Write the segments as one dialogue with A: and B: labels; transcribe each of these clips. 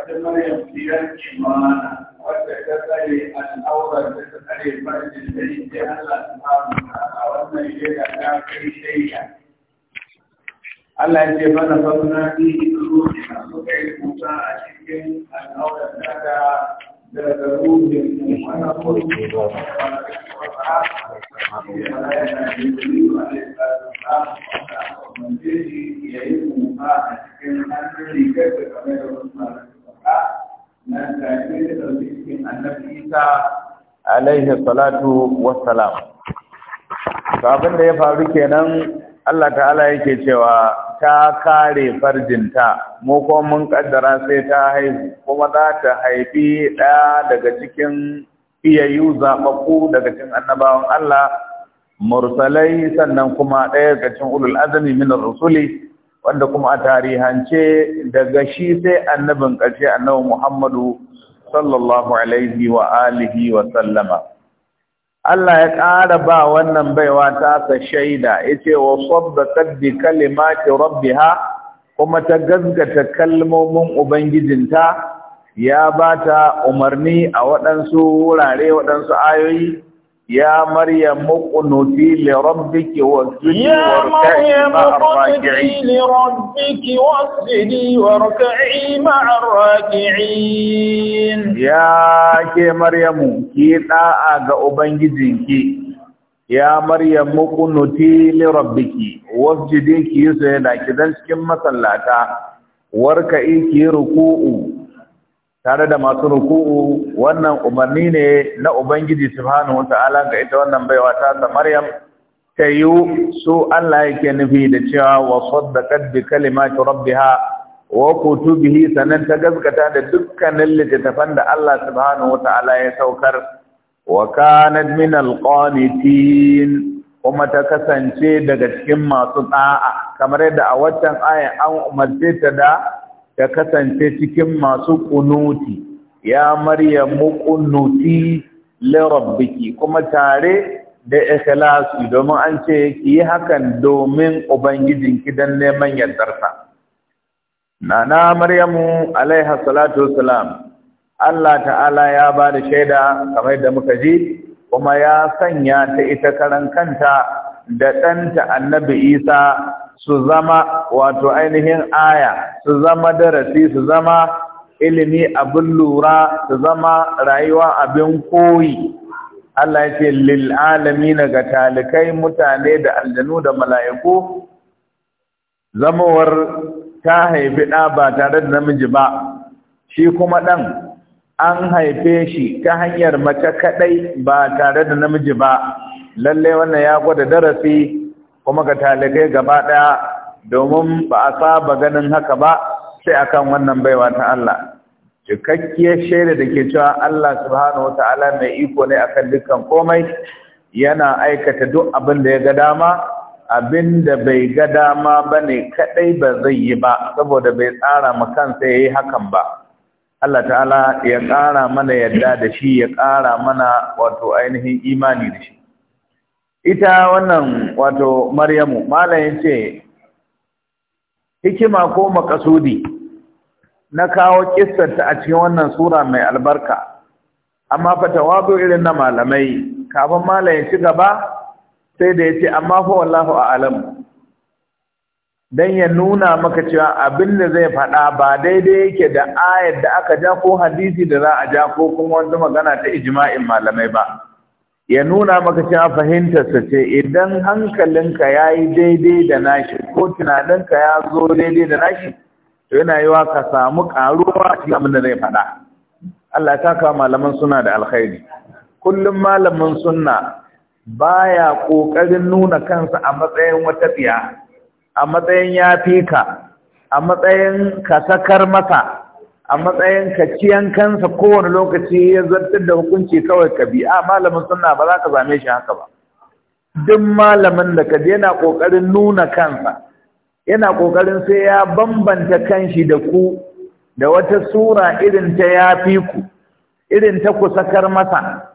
A: ambaci maryam biyar imana wadda ta tsare al'aurar da ta tsare farjin da ita Allah subhanahu wa ta'ala wannan shaida ta kai shaida
B: Allah ya bana fauna ni ruhina
A: suka yi kusa a cikin al'aurar da ta daga ruhin wannan kurmi da wani Thank you. da
B: alaihi salatu wassalam to abin da ya faru kenan Allah ta'ala yake cewa ta kare farjinta mu ko mun kaddara sai ta haihu kuma za ta haifi ɗaya daga cikin iyayu zaɓaɓɓu daga cikin annabawan Allah mursalai sannan kuma ɗaya daga cikin ulul azmi min rusuli wanda kuma a tarihance daga shi sai annabin ƙarshe annabi Muhammadu sallallahu alaihi wa alihi wa sallama Allah ya ƙara ba wannan baiwa ta sa shaida yace wa saddaqat bi kalimati rabbiha kuma ta gaskata kalmomin ubangijinta ya ba ta umarni a waɗansu wurare waɗansu ayoyi Ya مريم اقنتي لربك واسجدي واركعي مع الراكعين
C: يا مريم لربك واسجدي واركعي مع الراكعين
B: يا كي مريم ga ubangijinki ya maryam muqnuti li rabbiki wasjidi ki yusayda kidan cikin masallata warka'i ki ruku'u tare da masu ruku'u wannan umarni ne na Ubangiji subhanahu wata'ala ga ita wannan baiwa ta ta Maryam ta yi su Allah yake nufi da cewa wa saddaqat bi kalimati rabbiha wa kutubihi sanan ta gaskata da dukkanin littattafan da Allah subhanahu wata'ala ya saukar wa kanat min alqanitin kuma ta kasance daga cikin masu da'a kamar yadda a waccan ayan an umarce ta da ta kasance cikin masu kunuti ya maryamu kunuti li rabbiki kuma tare da ikhlasi domin an ce ki yi hakan domin ubangijin ki dan neman yardarsa nana maryamu alaiha salatu wassalam Allah ta'ala ya ba da shaida kamar da muka ji kuma ya sanya ta ita karan kanta da ɗanta annabi Isa su zama wato ainihin aya su zama darasi su zama ilimi abin lura su zama rayuwa abin koyi Allah ya ce lil alamin ga talikai mutane da aljanu da mala'iku zamawar ta haifi ɗa ba tare da namiji ba shi kuma ɗan an haife shi ta hanyar mace kaɗai ba tare da namiji ba lallai wannan ya gwada darasi kuma ga talibai gaba ɗaya domin ba a saba ganin haka ba sai akan wannan baiwa ta Allah cikakkiyar shaida da ke cewa Allah subhanahu wata'ala mai iko ne akan dukkan komai yana aikata duk abin da ya ga dama abin da bai ga dama ba ne kaɗai ba zai yi ba saboda bai tsara kansa ya yi hakan ba Allah ta'ala ya ƙara mana yadda da shi ya ƙara mana wato ainihin imani da shi ita wannan wato maryamu malayin ce hikima ko makasudi na kawo ta a cikin wannan sura mai albarka amma fatawazu irin na malamai kafin ya ci gaba sai da ya ce amma fa wallahu a'lam dan ya nuna maka cewa abin da zai faɗa ba daidai yake da ayar da aka ja ko hadisi da za a ja ko kuma wata magana ta ijma'in malamai ba ya nuna maka cewa fahimtarsa ce idan hankalinka ya yi daidai da nashi ko tunaninka ya zo daidai da nashi to yana yi wa ka samu karuwa a cikin abin zai faɗa Allah ta kawo malaman suna da alkhairi kullum malamin sunna baya kokarin nuna kansa a matsayin wata tsiya a matsayin ya fi ka a matsayin ka sakar masa a matsayin kaciyan kansa kowane lokaci ya zartar da hukunci kawai ka bi a malamin sunna ba za ka zame shi haka ba duk malamin da ka yana kokarin nuna kansa yana kokarin sai ya bambanta kanshi da ku da wata sura irin ta ya fi ku irin ta ku sakar masa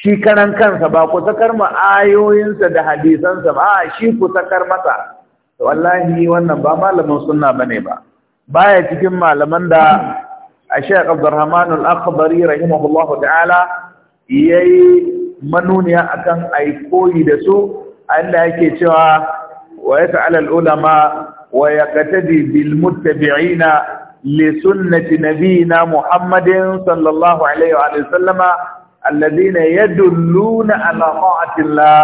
B: shi karan kansa ba ku sakar ma ayoyinsa da hadisansa ba shi ku sakar masa wallahi wannan ba malamin sunna ne ba baya cikin malaman da a Sheikh Abdurrahman Al-Akhbari rahimahullahu ta'ala yayi manuniya akan ai koyi da su Allah yake cewa wa yas'al al-ulama wa yaqtadi bil muttabi'ina li sunnati nabiyina Muhammadin sallallahu alaihi wa sallama alladhina yadulluna ala ta'atillah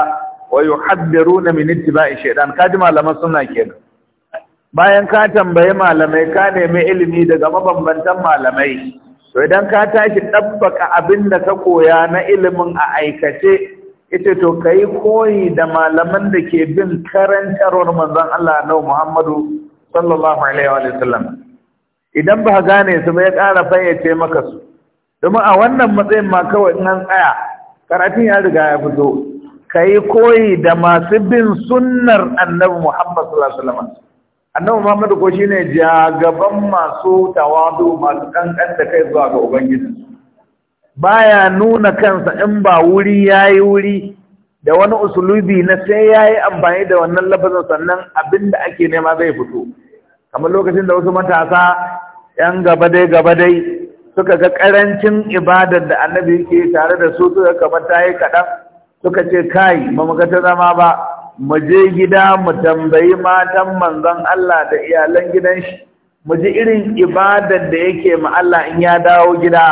B: wa yuhaddiruna min ittiba'i shaytan kadima lama sunna kenan bayan ka tambayi malamai ka nemi ilimi daga mabambantan malamai to idan ka tashi ɗabbaka abin da ka koya na ilimin a aikace ita to ka yi koyi da malaman da ke bin karantarwar manzon Allah na Muhammadu sallallahu alaihi wa sallam idan ba gane su ba ya ƙara fayyace maka su domin a wannan matsayin ma kawai in an tsaya karatun ya riga ya fito ka yi koyi da masu bin sunnar annabi Muhammad sallallahu alaihi wa sallam annabi Muhammad ko shine jagaban masu tawadu masu kankan da kai zuwa ga ubangiji baya nuna kansa in ba wuri yayi wuri da wani usulubi na sai yayi amfani da wannan lafazin sannan abinda ake nema zai fito kamar lokacin da wasu matasa yan gaba dai gaba dai suka ga karancin ibadar da annabi yake tare da su suka kamar tayi kadan kaɗan suka ce kai ba mu ga ta zama ba mu je gida mu tambayi matan manzon Allah da iyalan gidan shi mu ji irin ibadar da yake ma Allah in ya dawo gida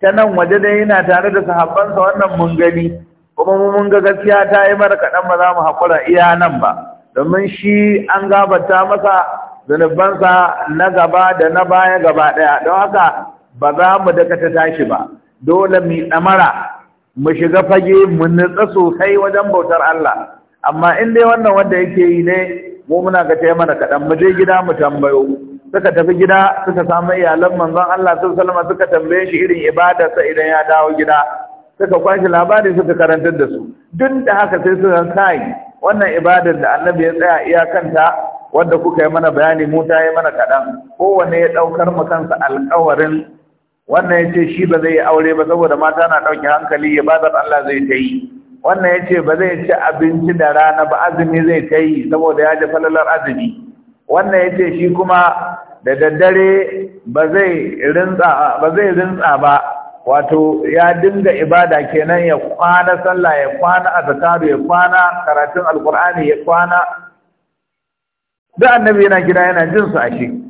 B: ta nan waje dai yana tare da sahabbansa wannan mun gani kuma mun ga gaskiya ta yi mara kaɗan ba za mu haƙura iya nan ba domin shi an gabata masa zunubansa na gaba da na baya gaba ɗaya don haka ba za mu ta tashi ba dole mu ɗamara mu shiga fage mu nutsa sosai wajen bautar Allah amma in dai wannan wanda yake yi ne mu muna ga tayi mana kadan mu je gida mu tambayo suka tafi gida suka samu iyalan manzon Allah sallallahu alaihi suka tambaye shi irin ibada ibadarsa idan ya dawo gida suka kwashi labari suka karantar da su duk da haka sai su suka kai wannan ibadar da annabi ya tsaya iyakanta wanda kuka yi mana bayani mu ta yi mana kadan kowanne ya ɗaukar mu kansa alƙawarin wannan ya ce shi ba zai yi aure ba saboda mata na ɗauke hankali ya Allah zai ta yi wannan ya ce ba zai ci abinci da rana ba azumi zai ta yi saboda ya ji falalar azumi wannan ya ce shi kuma da daddare ba zai rinsa ba wato ya dinga ibada kenan ya kwana sallah ya kwana azkaru ya kwana karatun alkur'ani ya kwana da annabi yana gida yana jin su a shi.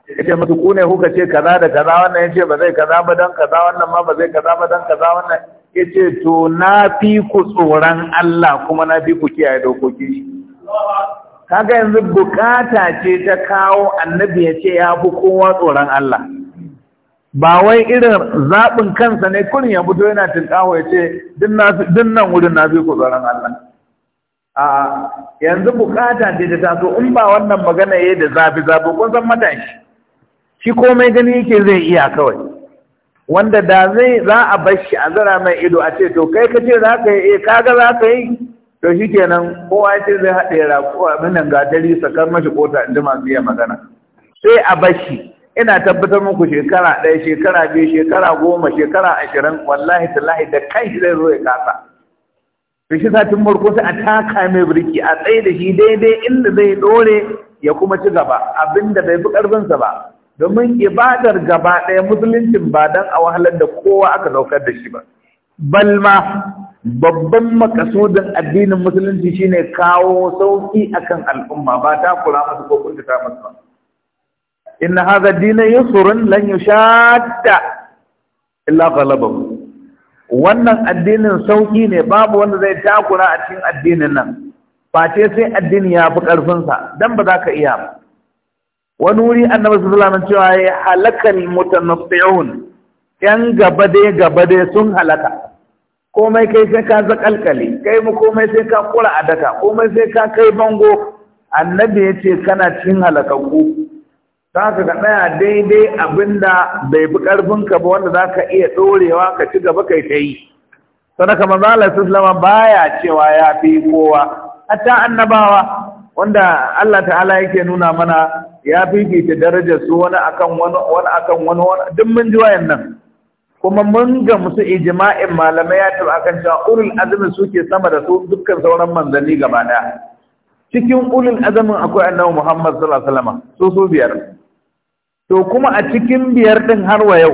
B: yace musu ku ne kuka ce kaza da kaza wannan yace ba zai kaza ba dan kaza wannan ma ba zai kaza ba dan kaza wannan yace to na fi ku tsoron Allah kuma na fi ku kiyaye dokoki kaga yanzu bukata ce ta kawo annabi yace ce ya fi kowa tsoron Allah ba wai irin zaɓin kansa ne kurin ya fito yana tinkawo ya ce din nan wurin na fi ku tsoron Allah a yanzu bukata ce ta taso in ba wannan magana ya yi da zafi zafi kun san matashi shi komai gani yake zai iya kawai wanda da zai za a bar shi a zara mai ido a ce to kai ka ce za ka yi eh kaga za ka yi to shi kenan kowa ce zai haɗe rakuwa minan gatari sakar mashi kota inda masu iya magana sai a bar shi ina tabbatar muku shekara ɗaya shekara biyu shekara goma shekara ashirin wallahi tallahi da kan shi zai zo ya kasa to shi satin farko sai a taka mai birki a tsaye da shi daidai inda zai dore ya kuma ci gaba abinda bai fi ƙarfinsa ba domin ibadar gaba ɗaya musuluncin ba don a wahalar da kowa aka saukar da shi ba balma babban makasudin addinin musulunci shine kawo sauki akan al'umma ba ta kula musu ko ta musu ba inna hadha dinu yusrun lan yushadda illa ghalabahu wannan addinin sauƙi ne babu wanda zai takura a cikin addinin nan face sai addini ya fi ƙarfinsa don ba za ka iya ba wani wuri annabi sallallahu cewa ya halakal mutanaffi'un yan gaba dai gaba dai sun halaka komai kai sai ka zakalkale kai mu komai sai ka kura adaka komai sai ka kai bango annabi ya ce kana cin halakakku za ka ga ɗaya daidai abinda bai bi ƙarfinka ba wanda za ka iya ɗorewa ka ci gaba kai ta yi sadaka manzala sallama baya cewa ya fi kowa hatta annabawa wanda Allah ta'ala yake nuna mana ya fifita darajar su wani akan wani wani akan wani duk mun ji wayan nan. kuma mun ga musu ijma'in malamai ya tabbata akan cewa ulul azmi suke sama da su dukkan sauran manzanni gaba daya cikin ulul azmin akwai annabi Muhammad sallallahu alaihi wasallam su su biyar to kuma a cikin biyar din har wa yau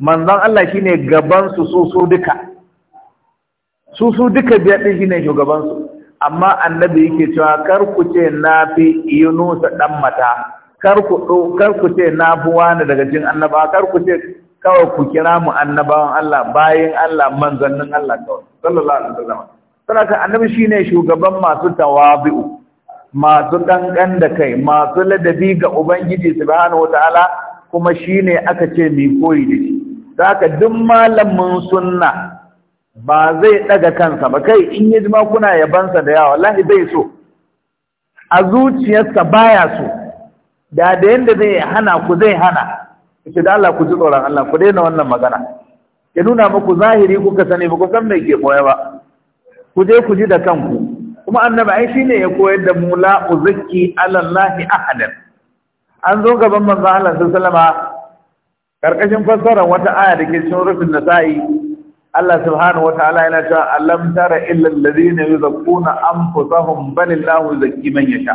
B: manzon Allah shine gaban su su su duka su su duka biyar din shine shugaban su amma annabi yake cewa kar ku ce na fi yunusa dan mata kar ku kar ku ce na fi wani daga cikin annaba kar ku ce kawai ku kira mu annabawan Allah bayin Allah manzannin Allah kawai sallallahu alaihi wasallam ka annabi shine shugaban masu tawabi'u masu dangan da kai masu ladabi ga ubangiji subhanahu wataala kuma shine aka ce mai koyi da shi saka duk malamin sunna ba zai ɗaga kansa ba kai in yi jima kuna yabansa da yawa wallahi bai so a zuciyarsa baya so da da yadda zai hana ku zai hana ce da Allah ku ji tsoron Allah ku daina wannan magana ya nuna muku zahiri kuka sani ba ku san mai ke koya ba ku je ku ji da kanku kuma annabi ai shine ya koyar da mu la uzki ala Allah ahadan an zo gaban manzo Allah sallallahu alaihi wasallama karkashin fassarar wata aya da ke cikin rufin nasa'i Allah subhanahu ta’ala yana cewa alam tara illal ladina yuzakkuna anfusahum balillahu zakki man yasha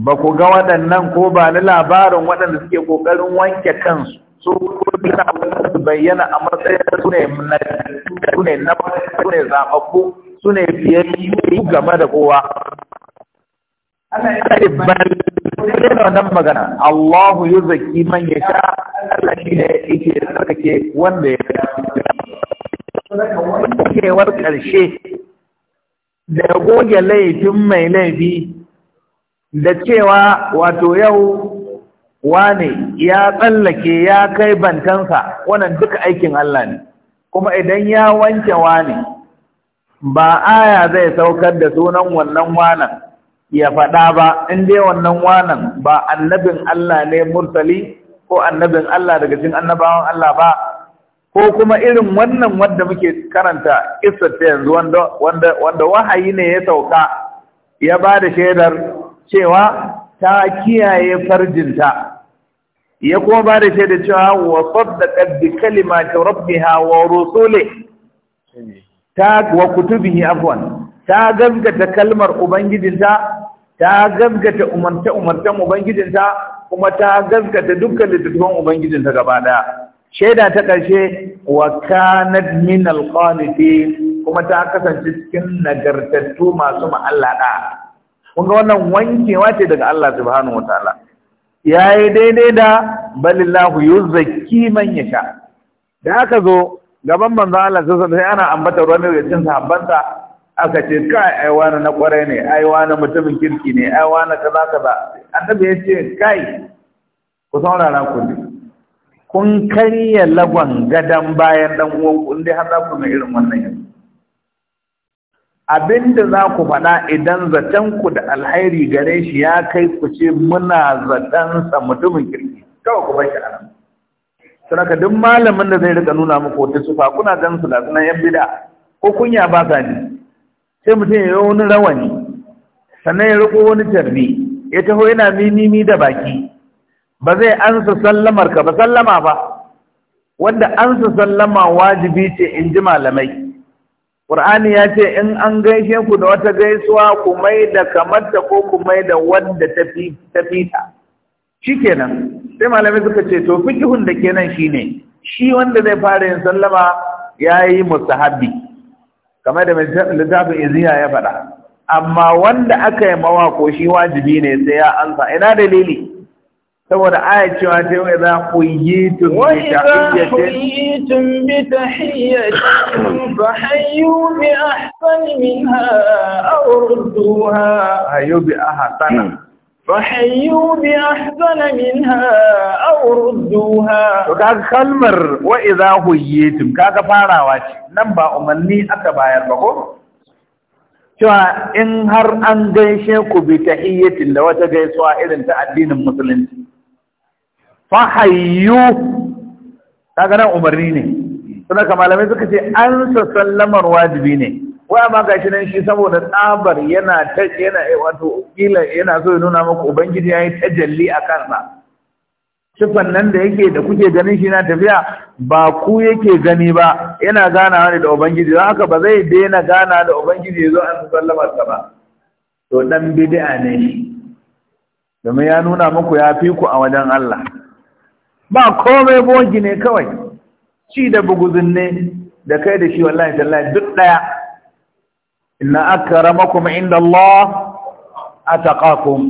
B: ba ku ga waɗannan ko ba ni labarin waɗanda suke kokarin wanke kansu su kuma bayyana a matsayin su ne na su ne na su ne zaɓaɓɓu su ne fiye game da kowa Allah ya ce wannan magana Allahu yuzakki man yasha Allah shi ne yake sarkake wanda ya tsarkakewar ƙarshe da goge laifin mai laifi da cewa wato yau wane ya tsallake ya kai bantansa wannan duka aikin Allah ne kuma idan ya wanke wane ba aya zai saukar da sunan wannan wanan ya faɗa ba in dai wannan wanan ba annabin Allah ne Murtali ko annabin Allah daga cikin annabawan Allah ba ko kuma irin wannan wanda muke karanta kissar ta yanzu wanda wahayi ne ya sauka ya ba da shaidar cewa ta kiyaye farjinta ya kuma ba da shaidar cewa wa saddaqat kalima ta rabbi hawa rusule ta wa kutubihi afwan ta gaskata kalmar ubangijinta ta gaskata umarta umartan ubangijinta kuma ta gaskata dukkan littattafan ubangijinta gaba daya shaida ta ƙarshe wa kanat min alqanitin kuma ta kasance cikin nagartattu masu ma'allada kun ga wannan wankewa ce daga Allah subhanahu wataala yayi daidai da balillahu yuzakki man yasha da aka zo gaban manzo Allah sai sai ana ambata ruwan da cin sahabbansa aka ce kai ai wani na kwarai ne ai wani mutumin kirki ne ai wani kaza kaza annabi ya ce kai ku saurara ku kun karya lagon gadon bayan ɗan uwanku inda har za ku na irin wannan yanzu abinda za ku faɗa idan zatenku da alhairi gare shi ya kai ku ce muna zatensa mutumin kirki kawai ku bashi anan sanaka duk malamin da zai rika nuna muku wata sufa kuna gan su da sunan yan bida ko kunya ba sa ne sai mutum ya yi wani rawani sannan ya riko wani tarbi ya taho yana mimimi da baki ba zai ansa sallamar ka ba sallama ba wanda ansa sallama wajibi ce in ji malamai Qur'ani ya ce in an gaishe ku da wata gaisuwa ku mai da kamarta ko ku mai da wanda tafi ta kenan sai malamai suka ce to fikihun da kenan ne shi wanda zai fara yin sallama ya yayi musahabi kamar da littafin iziya ya faɗa amma wanda aka yi mawa ko shi wajibi ne sai ya ansa ina dalili saboda aya cewa ta yi wa za huyitum
C: bi tahiyyatin fa hayyu bi ahsani minha aw rudduha
B: hayyu bi ahsana
C: fa hayyu bi ahsana minha aw
B: rudduha to kaga kalmar wa idza huyitum kaga farawa ce nan ba umarni aka bayar ba ko cewa in har an gaishe ku bi tahiyyatin da wata gaisuwa irin ta addinin musulunci fahayyu kaga nan umarni ne suna ka malamai suka ce an sallamar wajibi ne wai amma gashi nan shi saboda tsabar yana ta yana wato kila yana so ya nuna maka ubangiji yayi tajalli a kansa sifan nan da yake da kuke ganin shi na tafiya ba ku yake gani ba yana ganawa ne da ubangiji don haka ba zai daina gana da ubangiji yazo zo an sallamar ka ba to dan bid'a ne shi domin ya nuna muku ya fi ku a wajen Allah ba komai bogi ne kawai ci da buguzin ne da kai da shi wallahi tallahi duk daya inna akramakum inda Allah ataqakum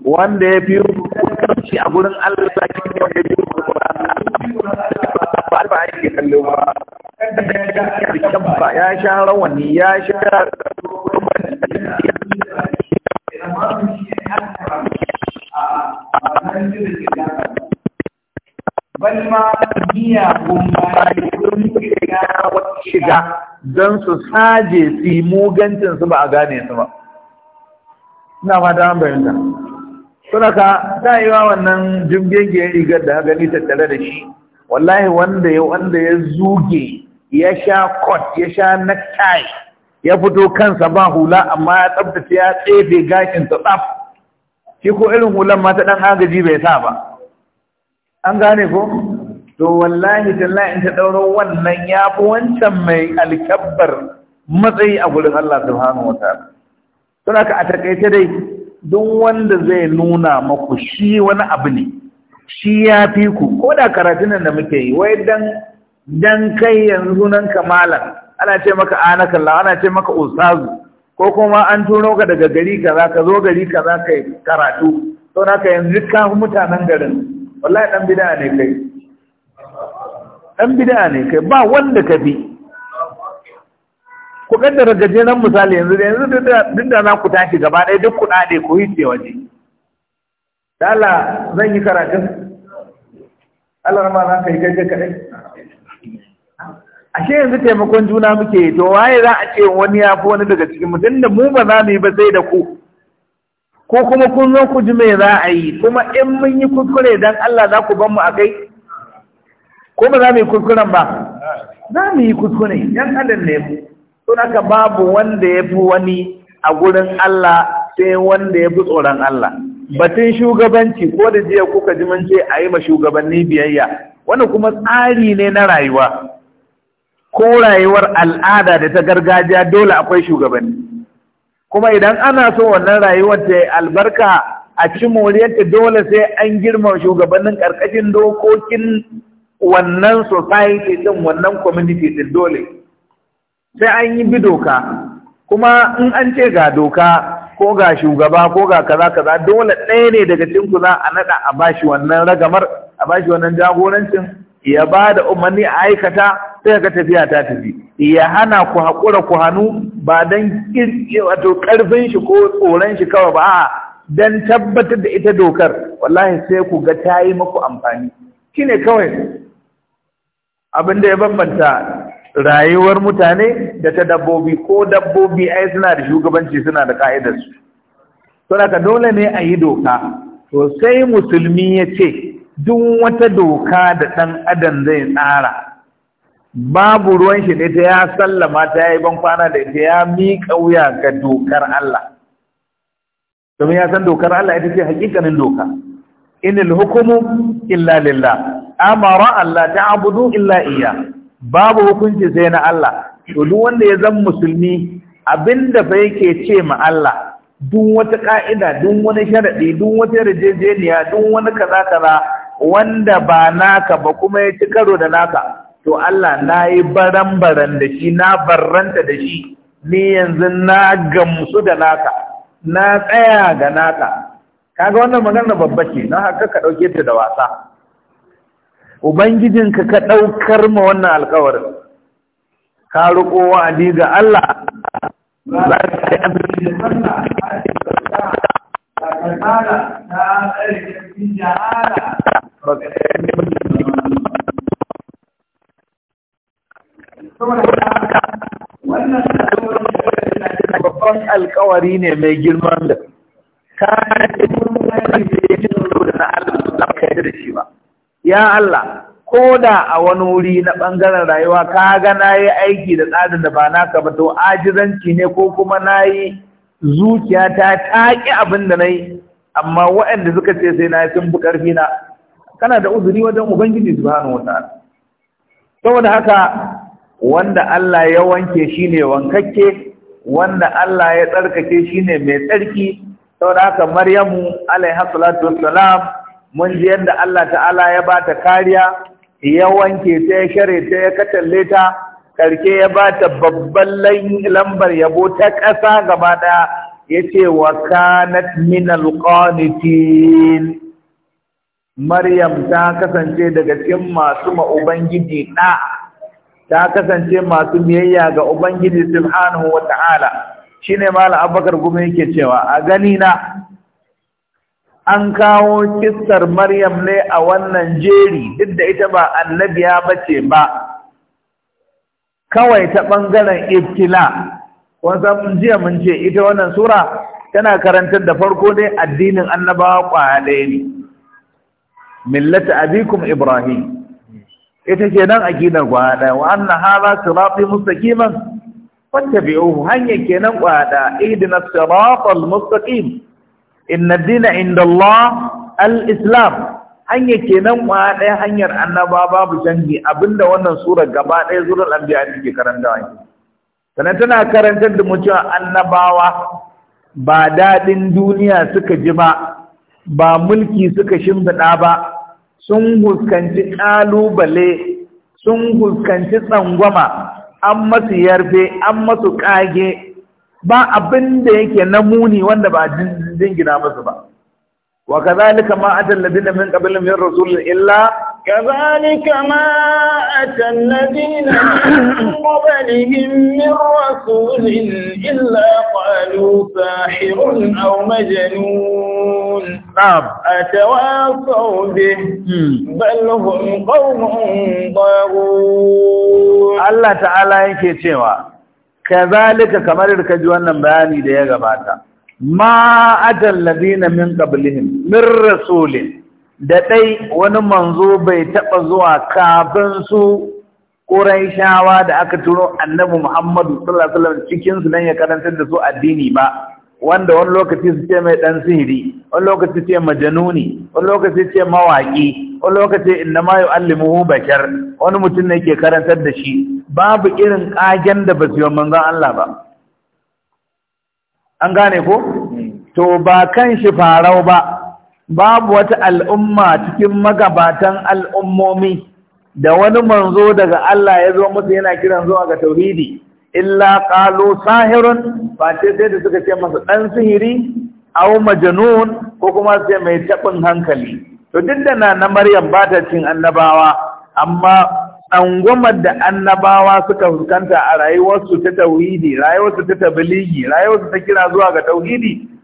B: wanda ya fi kanci a gurin Allah sai ne wanda ya fi
A: Qur'an
B: ba yake kallo ba ya sha rawani ya sha a bal ma miyagun bayi shiga wata shiga don su saje su yi mugancin su ba a gane su ba ina da an suna ka ta yi wa wannan jimgengiyar rigar da gani tattare da shi wallahi wanda ya wanda ya zuge ya sha kot ya sha necktie ya fito kansa ba hula amma ya tsabtace ya tsefe gashin ta tsaf shi ko irin hulan mata ta dan agaji bai sa ba an gane ko to wallahi tallahi in ta dauro wannan yafi wancan mai alkabbar matsayi a gurin Allah subhanahu wataala to haka a takaice dai duk wanda zai nuna maku shi wani abu ne shi ya fi ku ko da karatun da muke yi wai dan dan kai yanzu nan kamala ana ce maka Allah ana ce maka ustazu ko kuma an turo ka daga gari kaza ka zo gari kaza kai karatu to haka yanzu ka mutanen garin wallahi dan bid'a ne kai dan bid'a ne kai ba wanda ka bi ku kaddara nan misali yanzu da yanzu duk da na ku tashi gaba ɗaya duk kuɗaɗe ku hice waje Allah zan yi karatun Allah ma za ka yi gaje kaɗai ashe yanzu taimakon juna muke to waye za a ce wani ya fi wani daga cikin mu tunda mu ba za mu yi ba sai da ku ko kuma kun zo ku ji me za a yi kuma in mun yi kuskure dan Allah za ku ban mu a kai? ko ba za mu yi kuskuren ba za mu yi kuskure yan adam ne mu don haka babu wanda ya fi wani a gurin Allah sai wanda ya fi tsoron Allah batun shugabanci ko da jiya kuka ji mun ce a yi ma shugabanni biyayya wannan kuma tsari ne na rayuwa ko rayuwar al'ada da ta gargajiya dole akwai shugabanni kuma idan ana so wannan rayuwar ta albarka a ci moriyarta dole sai an girma shugabannin karkashin dokokin wannan society din wannan community din dole sai an yi bi doka kuma in an ce ga doka ko ga shugaba ko ga kaza kaza dole ɗaya ne daga cikin ku za a naɗa a bashi wannan ragamar a bashi wannan jagorancin ya ba da umarni a aikata sai ka tafiya ta tafi ya hana ku haƙura ku hannu ba don wato ƙarfin shi ko tsoron shi kawai ba a don tabbatar da ita dokar wallahi sai ku ga ta yi maku amfani shi ne kawai abin da ya bambanta rayuwar mutane da ta dabbobi ko dabbobi ai suna da shugabanci suna da ka'idarsu. Saboda dole ne a yi doka, to musulmi ya ce, duk wata doka da ɗan adam zai tsara babu ruwan shi ne ta ya sallama ta yi ban kwana da ita ya miƙa wuya ga dokar Allah domin ya san dokar Allah ita ce hakikanin doka inil hukumu illa lillah amara Allah ta'budu illa iya babu hukunci sai na Allah to duk wanda ya zan musulmi abinda fa yake ce ma Allah duk wata ka'ida duk wani sharadi duk wata yarjejeniya duk wani kaza kaza wanda ba naka ba kuma ya ci karo da naka to Allah na yi baran-baran da shi na barranta da shi ni yanzu na gamsu da naka na tsaya ga naka kaga wannan maganar babba ce na haka ka ɗauke ta da wasa ubangijinka ka ɗaukar ma wannan alkawarin ka riƙo wa'adi ga Allah za ka yi abin da ta ƙarƙara ta ƙarƙara ta da. babban alkawari ne mai girman da ta da shi ba ya Allah ko da a wani wuri na ɓangaren rayuwa ka ga na yi aiki da tsarin da ba naka ba to ajiranci ne ko kuma na yi
A: zuciya
B: ta taƙi abin da na yi amma waɗanda suka ce sai na sun fi ƙarfi na kana da uzuri wajen ubangiji subhanahu wataala saboda haka wanda Allah ya wanke shine wankakke wanda Allah ya tsarkake shine mai tsarki saboda haka Maryamu alaiha salatu wassalam mun ji yadda Allah ta'ala ya ba ta kariya ya wanke ta ya share ta ya katalle ta karke ya ba ta babban lambar yabo ta ƙasa gaba ɗaya yace wa kanat min alqanitin Maryam ta kasance daga cikin masu ma Ubangiji ɗa, ta kasance masu biyayya ga Ubangiji Subhanahu wa ta'ala, shi ne Mala Abubakar kuma yake cewa, a gani na an kawo kistar Maryam ne a wannan jeri duk da ita ba annabiya ba ce ba, kawai ta ɓangaren ibtila, wasan jiya mun ce ita wannan Sura tana karantar da farko dai addinin annabawa ƙwaya ɗaya ne. millata abikum ibrahim ita ce nan gina gwada wa anna hadha sirati mustaqiman fattabi'uhu hanya kenan gwada ihdina siratal mustaqim inna ad-dina inda Allah al-islam hanya kenan gwada hanyar annaba babu canji abinda wannan sura gaba ɗaya surul anbiya take karantawa sannan tana karantar da mutum annabawa ba dadin duniya suka ji ba ba mulki suka shimfiɗa ba sun huskanci ƙalubale sun huskanci tsangwama an masu yarfe an masu ƙage ba abin da yake na muni wanda ba jingina masu ba wa kazalika ma atal da min ƙabilun min rasulun
C: illa كذلك ما أتى الذين قبلهم من رسول إلا قالوا ساحر أو مجنون أتواصوا به بل هم قوم ضارون الله تعالى
B: يكي تيوا كذلك كما ركج wannan bayani da ya gabata ma atal ladina min qablihim min rasulin da ɗai wani manzo bai taɓa zuwa kafin su shawa da aka turo annabi Muhammadu sallallahu alaihi wasallam cikin su nan ya karantar da su addini ba wanda wani lokaci su ce mai dan sihiri wani lokaci ce majanuni wani lokaci ce mawaki wani lokaci inna ma yu'allimuhu bashar wani mutum ne ke karantar da shi babu irin ƙagen da basu yi manzon Allah ba an gane ko hmm. to ba kan shi farau ba babu wata al'umma cikin magabatan al'ummomi da wani manzo daga Allah ya zo musu yana kiran zuwa ga tauhidi illa qalu sahirun ba ce sai da suka ce masa ɗan sihiri aw majnun ko kuma sai mai tabin hankali to duk da na Maryam ba ta cin annabawa amma tsangwamar da annabawa suka fuskanta a rayuwarsu ta tauhidi rayuwarsu ta tabligi rayuwarsu ta kira zuwa ga tauhidi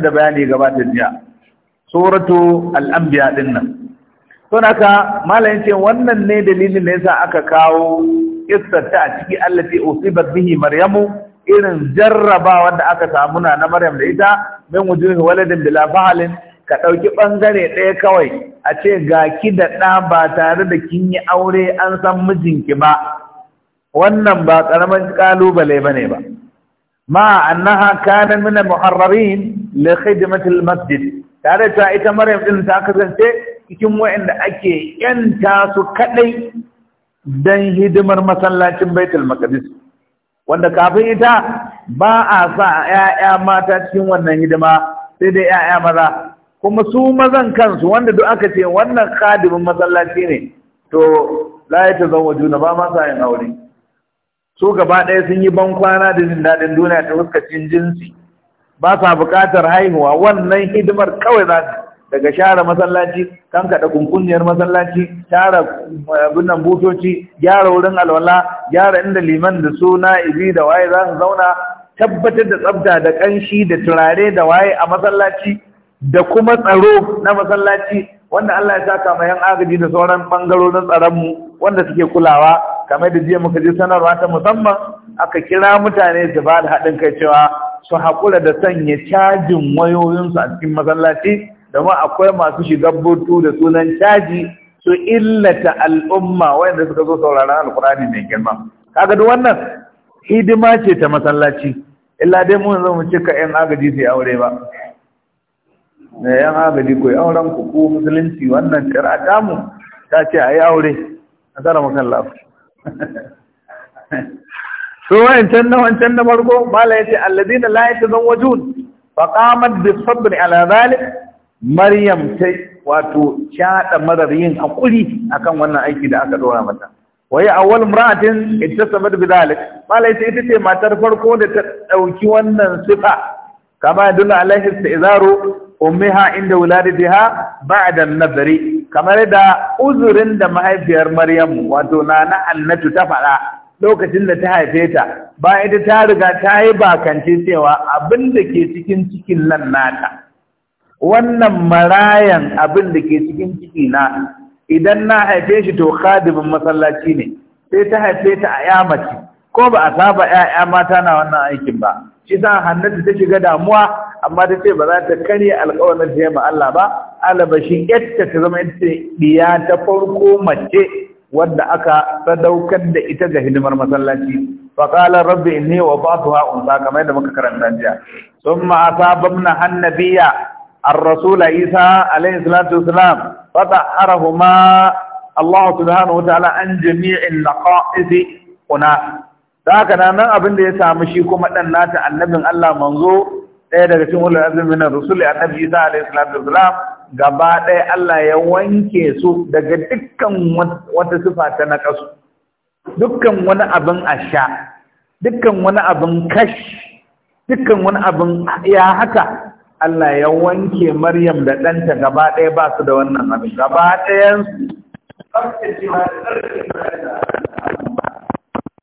B: da bayani gabatar jiya suratu al-anbiya din nan don haka malamin ce wannan ne dalilin da yasa aka kawo kissar ta a ciki allati usibat bihi maryamu irin jarraba wanda aka samu na na maryam da ita min wujuhi waladin bila fahalin ka dauki bangare ɗaya kawai a ce ga ki da ɗa ba tare da kin yi aure an san mijinki ba wannan ba karaman kalubale bane ba, ne ba. ma annaha kana min al-muharrarin li khidmati al-masjid tare ta ita maryam din ta kasance cikin wa'anda ake yanta su kadai dan hidimar masallacin baitul maqdis wanda kafin ita ba a sa ‘ya'ya mata cikin wannan hidima sai dai ‘ya'ya maza kuma su mazan kansu wanda duk aka ce wannan khadimin masallaci ne to laye ta zama juna ba ma sa yin aure su gaba ɗaya sun yi bankwana da jin daɗin duniya ta fuskacin jinsi ba sa buƙatar haihuwa wannan hidimar kawai za ta daga share masallaci kan kaɗa kunkunniyar masallaci share eh, nan butoci gyara wurin alwala gyara inda liman da suna izi da waye za su zauna tabbatar da tsabta da ƙanshi da turare da waye a masallaci da kuma tsaro na masallaci wanda Allah ya saka ma yan agaji da sauran tsaron mu. wanda suke kulawa kamar da jiya muka ji sanarwa ta musamman aka kira mutane su ba da haɗin kai cewa su haƙura da sanya cajin wayoyinsu a cikin masallaci domin akwai masu shiga butu da sunan caji su illata al'umma wanda suka zo sauraron alkurani mai girma kaga duk wannan hidima ce ta masallaci illa dai mu yanzu mu cika yan agaji su aure ba Me yan agaji ko auren ku ko musulunci wannan shari'a ta mu ta ce ayi aure azara makan lafi so wancan na wancan na farko mala yace alladina la ba faqamat da sabbin zalik maryam ta wato shaɗa madar yin a akan wannan aiki da aka dora mata waye ita imra'atin ittasabat bidhalik mala yace ita ce matar farko da ta ɗauki wannan sifa kama dula alaihi Izaro. ummiha inda wuladatiha ba'da an-nazari kamar da uzurin da mahaifiyar Maryam wato nana Annatu ta faɗa, lokacin da ta haife ta bayan ita ta riga ta yi bakance cewa abin da ke cikin cikin nan nata wannan marayan abin da ke cikin ciki na idan na haife shi to khadimin masallaci ne sai ta haife ta a ya mace ko ba a saba 'ya'ya mata na wannan aikin ba shi sa hannatu ta shiga damuwa amma ta ce ba za ta kare alƙawarin da ya ma Allah ba alaba shi yadda ta zama yadda biya ta farko mace wadda aka sadaukar da ita ga hidimar masallaci faƙala rabbi inni wa fatuha unsa kamar yadda muka karanta jiya sun ma asabamna hannabiya الرسول عيسى عليه الصلاة والسلام فطهرهما الله سبحانه وتعالى عن جميع النقائص هنا da haka nan abin da ya samu shi kuma dan nata annabin Allah manzo ɗaya daga cikin ulul azmi na rusuli annabi Isa Alayhi salatu wasalam gaba ɗaya Allah ya wanke su daga dukkan wata sifa ta naqasu dukkan wani abin asha dukkan wani abin kash dukkan wani abin ya haka Allah ya wanke Maryam da ɗanta gaba ɗaya ba su da wannan abin gaba
C: ɗayan
A: su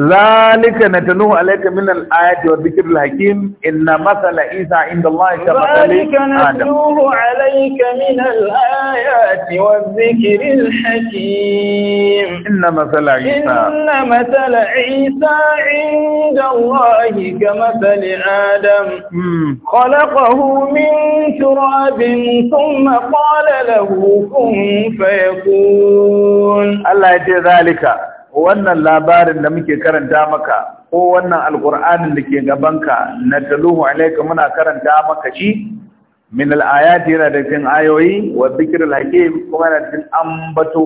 B: ذلك نتلوه عليك من الآيات والذكر الحكيم إن مثل عيسى
C: عند الله كمثل ذلك نتلوه عليك من الآيات والذكر الحكيم إن مثل عيسى إن مثل عيسى عند الله كمثل آدم خلقه من تراب ثم قال له كن فيكون
B: الله يجي ذلك wannan labarin da muke karanta maka ko wannan alqur'anin da ke gabanka taluhu alayka muna karanta maka shi min al'ayati ayati yana da cikin ayoyi wa dhikril hakim kuma yana cikin ambato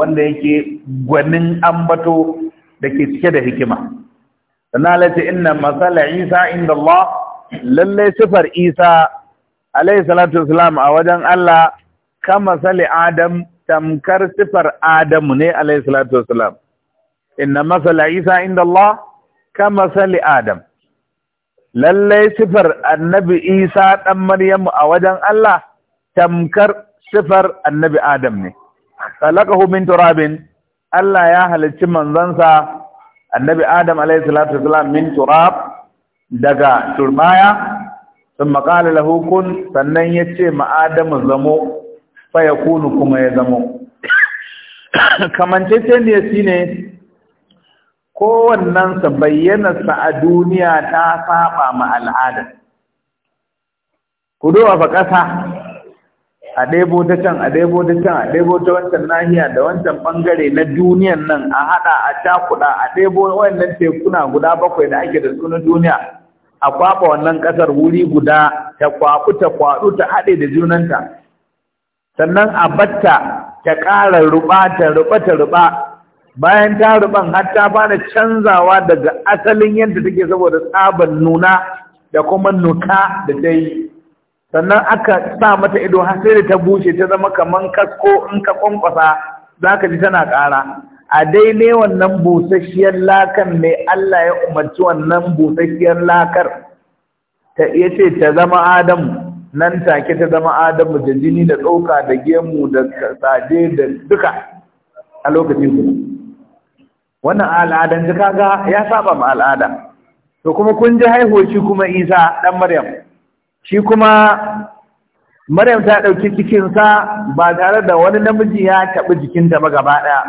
B: wanda yake gwanin ambato da ke cike da hikima sannan alata inna masala isa inda Allah lallai sifar isa alayhi salatu wasalam a wajen Allah kama sali adam tamkar sifar adamu ne alayhi salatu wasalam inna masala isa inda Allah ka masali adam lallai sifar annabi isa ɗan maryamu a wajen Allah tamkar sifar annabi adam ne khalaqahu min turabin Allah ya halicci manzansa annabi adam alayhi min turab daga turmaya sun maƙala lahukun sannan ya ce ma'adamu zamo faya kunu kuma ya zamo kamancece ne shi ne bayyana bayyanarsa a duniya ta saba ma al'ada ku duba fa ƙasa a ɗebo ta can a ɗebo ta can a ɗebo ta wancan nahiya da wancan bangare na duniyan nan a haɗa a cakuɗa a ɗebo wannan tekuna guda bakwai da ake da sunan duniya a kwaɓa wannan ƙasar wuri guda ta kwaɓu ta kwaɗu ta haɗe da junanta sannan a batta ta ƙara ruɓa ta ruɓa ta ruɓa bayan ta ruban har ta fara canzawa daga asalin yadda take saboda tsaban nuna da kuma nuka da ta yi sannan aka sa mata ido har sai da ta bushe ta zama kamar kasko in ka kwankwasa za ka ji tana ƙara a daidai wannan busasshiyar lakar ne Allah ya umarci wannan busasshiyar lakar ta iya ce ta zama adamu nan take ta zama adamu da jini da tsoka da gemu da saje da duka a lokacin kuma wannan al'adan ji kaga ya saba ma al'ada to kuma kun ji haihuwar shi kuma isa dan maryam shi kuma maryam ta ɗauki sa ba tare da wani namiji ya taɓi jikinta ba gaba daya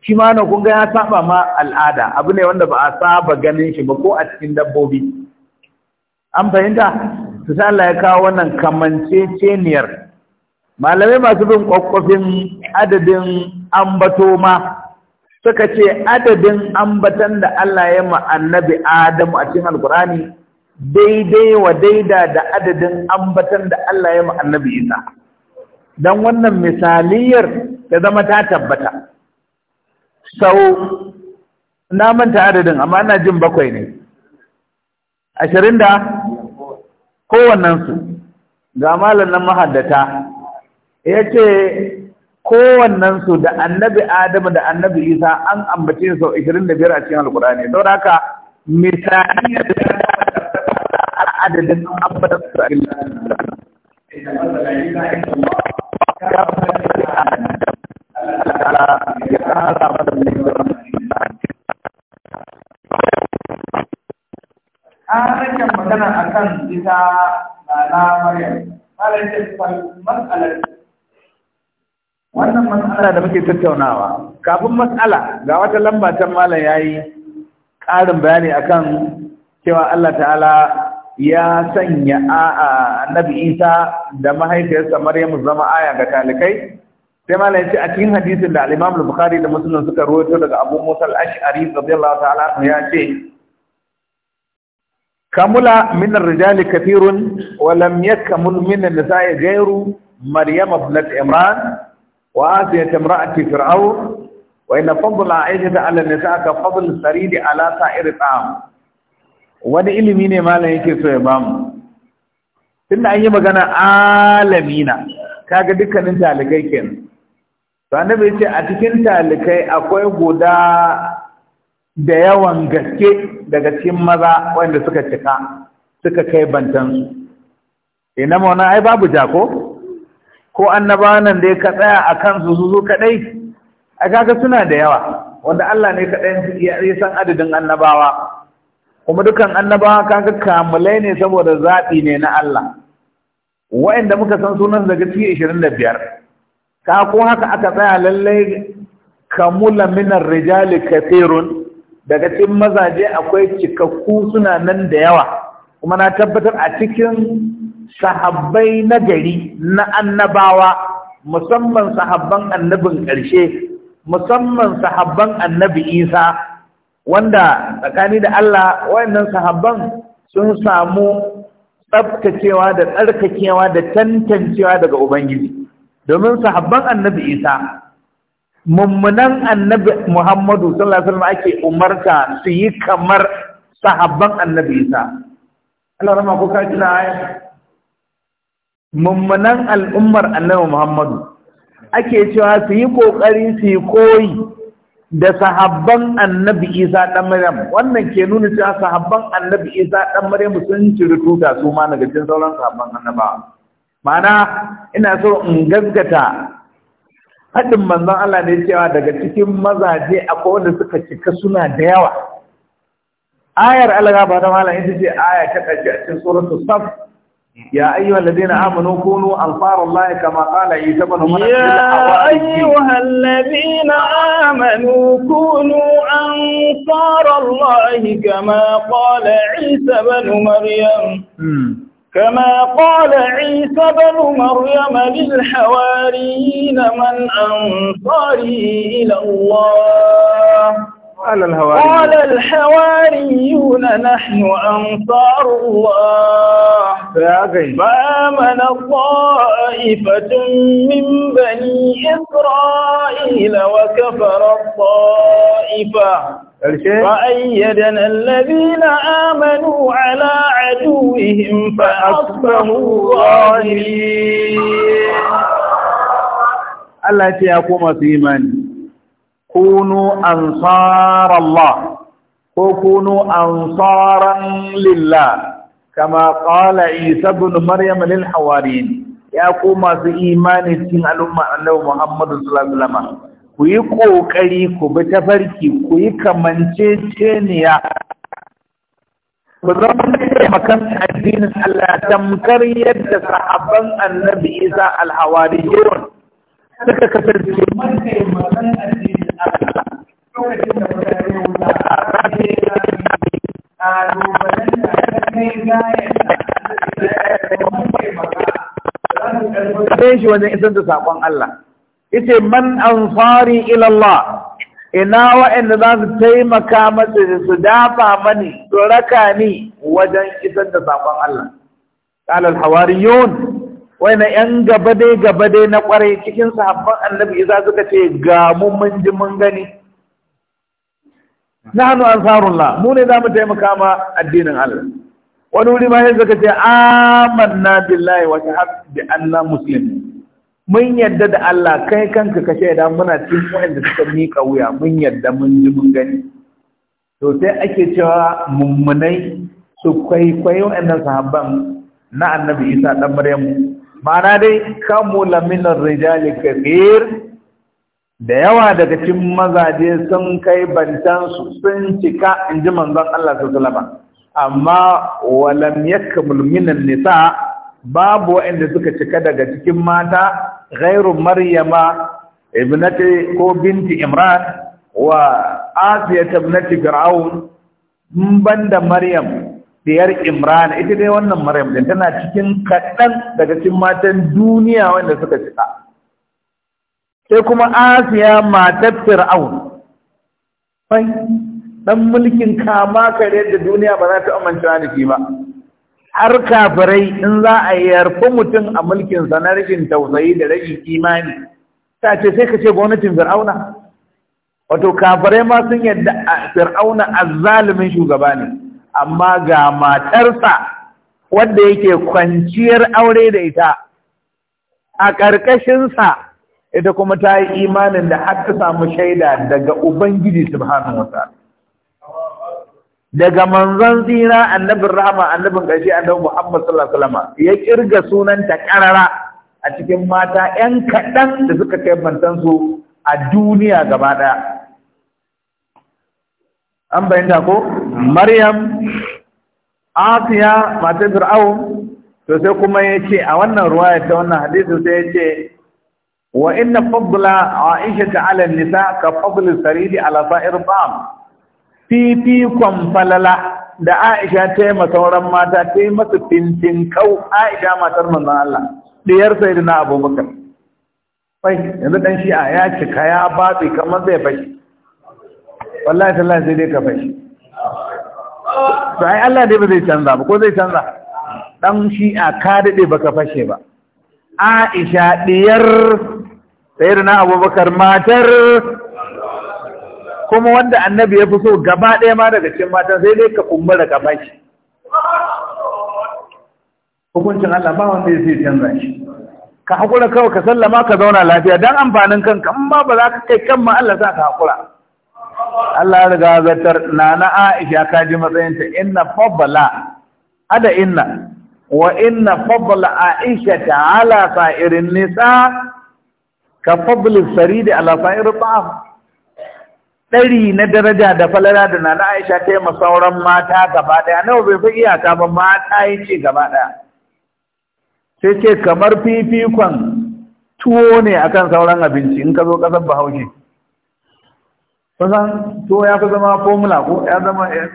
B: shi ma na kun ga ya saba ma al'ada abu ne wanda ba a saba ganin shi ba ko a cikin dabbobi an fahimta su sa Allah ya kawo wannan kamanceceniyar malamai masu bin kwakwafin adadin ambato ma suka ce adadin ambatan da Allah ya ma annabi Adamu a cikin Alkur'ani daidai wa daida da adadin ambatan da Allah ya ma annabi Isa dan wannan misaliyar ta zama ta tabbata sau na manta adadin amma ina jin bakwai ne ashirin da kowannensu ga malam nan mahaddata ya ce kowannen su da annabi Adamu da annabi Isa an ambace su biyar a cikin Alkur'ani don haka misali da adadin ambatan su a An magana akan isa na na Maryam, wannan matsala da muke tattaunawa kafin matsala ga wata lamba can malam yayi ƙarin bayani akan cewa Allah ta'ala ya sanya a'a annabi Isa da mahaifiyarsa Maryamu zama aya ga talikai sai malam yace a cikin hadisin da al-Imam al-Bukhari da Muslim suka rawaito daga Abu Musa al-Ash'ari radiyallahu ta'ala ya ce kamula min ar-rijali kathirun wa lam yakmul min an-nisa'i ghayru Maryam ibnat Imran وآسية امرأة فرعون وإن فضل عائشة على النساء كفضل السريد على سائر الطعام wani ilimi ne malam yake so ya bamu tunda an yi magana alamina kaga dukkanin talikai kenan to annabi yace a cikin talikai akwai guda da yawan gaske daga cikin maza wanda suka cika suka kai bantansu ina wani ai babu jako ko annabawan nan da ka tsaya a kansu su zo kaɗai? a kaga suna da yawa wanda Allah ne kadai ya san adadin annabawa kuma dukan annabawa kaga kamulai ne saboda zaɓi ne na Allah wa'anda muka san sunan daga cikin biyar? ka ko haka aka tsaya lallai kamula minar rijali kafirun daga cikin mazaje akwai cikakku suna nan da yawa kuma na tabbatar a cikin sahabbai na gari na annabawa musamman sahabban annabin ƙarshe musamman sahabban annabi isa wanda tsakani da Allah wayannan sahabban sun samu tsabtacewa da tsarkakewa da tantancewa daga ubangiji domin sahabban annabi isa mummunan annabi muhammadu sallallahu alaihi ake umarta su yi kamar sahabban annabi isa Allah rama ko na mummunan al'ummar annabi Muhammadu ake cewa su yi ƙoƙari su yi koyi da sahabban annabi Isa ɗan Maryam wannan ke nuna cewa sahabban annabi Isa ɗan Maryam sun ciri tuta su ma daga cikin sauran sahabban annabawa ma'ana ina so in gaggata haɗin manzon Allah ne cewa daga cikin mazaje akwai wanda suka cika suna da yawa ayar Allah ba ta malam ita ce aya ta ƙarshe a cikin suratul Saf يا أيها الذين آمنوا كونوا أنصار الله كما قال عيسى بن مريم يا أيها
C: الذين آمنوا كونوا أنصار الله كما قال عيسى بن مريم كما قال عيسى بن مريم للحواريين من أنصاري إلى الله قال الهواريون قال الحواريون نحن أنصار الله فآمن الطائفة من بني إسرائيل وكفر الطائفة وأيدنا الذين آمنوا على عدوهم فأصبحوا ظاهرين التي
B: أقوم في koma kunu ansarallah ko kunu ansaran lillah kama qala isa ibn maryam lil hawariyin ya ku su imani cikin al'umma annabi muhammad sallallahu ku yi ƙoƙari, ku bi tafarki ku yi kamanceceniya ku zama makan addinin Allah tamkar yadda sahabban annabi isa al-hawariyun suka kasance sai shi wajen isar da saƙon Allah ita man ansari ilallah ina wa'anda za su taimaka masa da su dafa mani su raka ni wajen isar da saƙon Allah ƙalar hawariyun wai na ‘yan gabade-gabade na ƙwarai cikin sahabban annabi iza suka ce ga mu mun ji mun gani na hannu la mu ne za mu taimaka ma addinin Allah wani wuri ma yanzu ka ce amanna billahi wa shahad bi Allah muslim mun yadda da Allah kai kanka ka shaida muna cikin da suka mika wuya mun yadda mun ji mun gani to sai ake cewa mummunai su kwaikwayo wa'annan sahabban na annabi isa ɗan maryamu Mana dai kamula minar rijali kabir da yawa daga cikin mazaje sun kai bantansu sun cika in ji manzon Allah sallama amma walam yakmul minan nisa babu waɗanda suka cika daga cikin mata ghairu maryama ibnati ko binti imran wa asiya ibnati fir'aun banda maryam diyar imran ita dai wannan maryam din tana cikin kaɗan daga cikin matan duniya wanda suka cika sai kuma asiya matar fir'aun bai dan mulkin kama kare da duniya ba za ta amince da shi ba har kafirai in za a yarfi mutum a mulkin sa na rashin tausayi da rashin imani ta ce sai ka ce gwamnatin fir'auna wato kafirai ma sun yadda fir'auna azzalumin shugaba ne amma ga matarsa wadda yake kwanciyar aure da ita a ƙarƙashinsa ita kuma ta yi imanin da har ta samu shaida daga Ubangiji subhanahu ta. daga manzon zina annabin rahama annabin ƙarshe annabi Muhammad sallallahu alaihi wasallam ya ƙirga sunanta ƙarara a cikin mata 'yan kaɗan da suka kai bantansu a duniya gaba ɗaya an bayyanta ko maryam asiya matar fir'aun to sai kuma ya ce a wannan ruwaya ta wannan hadisi sai ya ce wa inna fadla aisha ta ala nisa ka fadli saridi ala sa'ir Fifi fifikon falala da aisha ta yi masauran mata ta yi masu fintin kau aisha matar manzon Allah diyar sai na abubakar fai yanzu dan shi'a ya cika ya batsi kamar zai fashi wallahi tallahi sai dai ka fashi
A: to
B: Allah dai ba zai canza ba ko zai canza dan shi a ka dade baka fashe ba Aisha diyar sayyidina Abubakar matar kuma wanda annabi ya fi so gaba ɗaya ma daga cikin matan sai dai ka kumbura ka fashi hukuncin Allah ba wanda ya canza shi ka haƙura kawai ka sallama ka zauna lafiya dan amfanin kanka in ba ba za ka kai kan ma Allah za ka haƙura Allah ya riga zartar na na Aisha ka ji matsayinta inna fadla ada inna wa inna fadla Aisha ta ala sa'irin nisa ka fadli saridi ala sa'irin ta'am dari na daraja da falala da na na Aisha ta yi masauran mata gaba daya nawa bai fi iyaka ba mata yi ce gaba daya sai ce kamar fifikon tuwo ne akan sauran abinci in ka zo kasar bahaushe kusan to ya fi zama formula ko ya zama eh,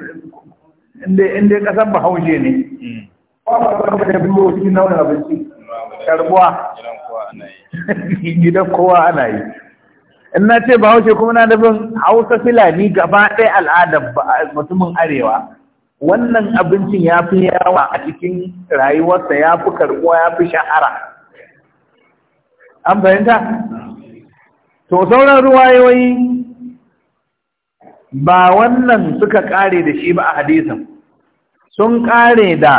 B: inda ya kasar bahaushe ne cikin nau'in abinci
A: karbuwa
B: gidan kowa ana yi in na ce bahaushe kuma na nufin hausa filani gaba ɗaya al'adar mutumin arewa wannan abincin ya fi yawa a cikin rayuwarsa ya fi karbuwa ya fi shahara an fahimta to sauran ruwayoyi ba wannan suka kare da shi ba a hadisan, sun kare da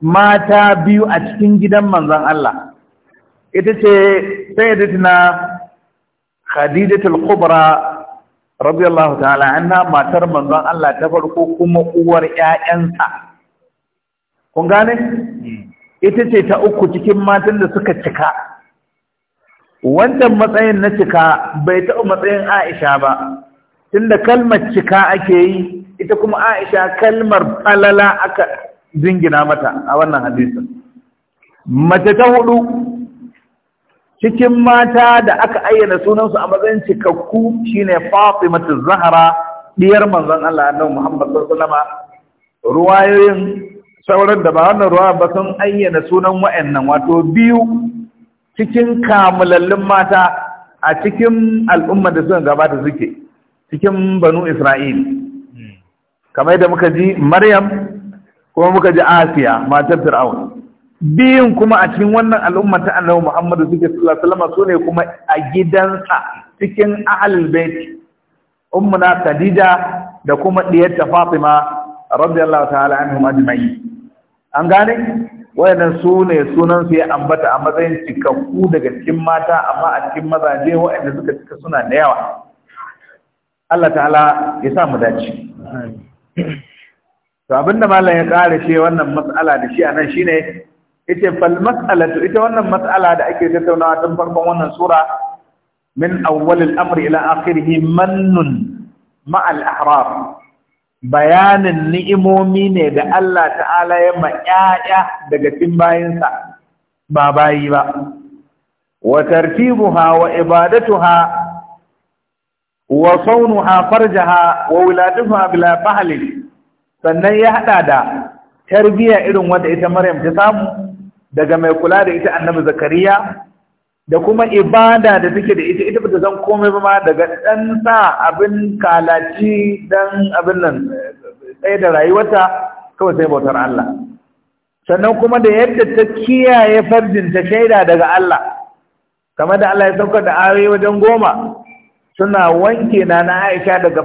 B: mata biyu a cikin gidan manzan Allah ita ce sayyidatina khadijatul kubra radiyallahu ta'ala anna matar manzan Allah ta farko kuma uwar ƴaƴansa kun gane ita ce ta uku cikin matan da suka cika wancan matsayin na cika bai taɓa matsayin Aisha ba tunda kalmar cika ake yi ita kuma Aisha kalmar falala aka jingina mata a wannan hadisin mace ta hudu cikin mata da aka ayyana sunansu a matsayin cikakku shine Fatimatu Zahra diyar manzon Allah annabi Muhammad sallallahu alaihi wasallam ruwayoyin sauran da ba wannan ruwa ba sun ayyana sunan wa'annan wato biyu cikin kamulallin mata a cikin al'umma da suka gabata suke cikin banu isra'il kamar da muka ji maryam kuma muka ji asiya matar fir'aun biyun kuma a cikin wannan al'umma ta annabi muhammadu suke sallallahu alaihi wasallam sune kuma a gidansa cikin ahlul bait ummuna khadija da kuma diyarta fatima radiyallahu ta'ala anhum ajma'in an gane wayannan sune sunan su ya ambata a matsayin cikakku daga cikin mata amma a cikin mazaje wayanda suka cika suna da yawa Allah ta'ala ya sa mu dace to abinda malam ya kare shi wannan mas'ala da shi a nan shine ita fal mas'alatu ita wannan mas'ala da ake tattaunawa tun farkon wannan sura min awwal amri, amr ila akhirih mannun ma al-ahrar bayanin ni'imomi ne da Allah ta'ala ya ma 'ya'ya daga cikin bayinsa ba bayi ba wa tartibuha wa ibadatuha wa saunuha farjaha wa wulatuha bila fahlin sannan ya hada da tarbiya irin wanda ita Maryam ta samu daga mai kula da ita Annabi Zakariya da kuma ibada da take da ita ita bata san komai ba daga dan sa abin kalaci dan abin nan tsaye da rayuwarta kawai sai bautar Allah sannan kuma da yadda ta kiyaye farjin ta shaida daga Allah kamar da Allah ya saukar da ayoyi wajen goma suna wanke na na Aisha daga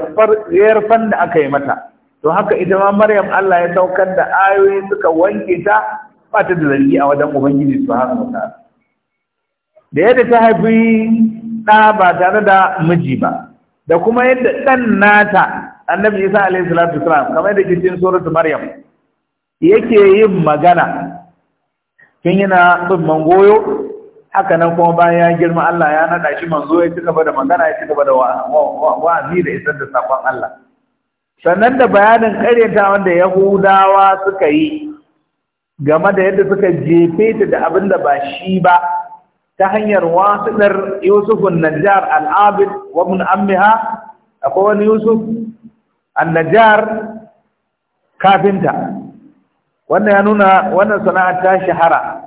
B: fan da aka yi mata to haka ita ma Maryam Allah ya saukar da ayoyi suka wanke ta ba ta da zargi a wajen Ubangiji haka wataala da yadda ta haifi ɗa ba tare da miji ba da kuma yadda ɗan nata annabi Isa alaihi salatu wasalam kamar da cikin suratu Maryam yake yin magana tun yana tsumman goyo haka nan kuma bayan ya girma Allah ya naɗa shi manzo ya ci gaba da magana ya ci gaba da wa'azi da isar da sakon Allah sannan da bayanin karyata wanda Yahudawa suka yi game da yadda suka jefe ta da abin da ba shi ba ta hanyar wasuɗar Yusufun Najjar al'abid wa mun ammiha akwai wani Yusuf al-Najjar kafinta wannan ya nuna wannan sana'a ta shahara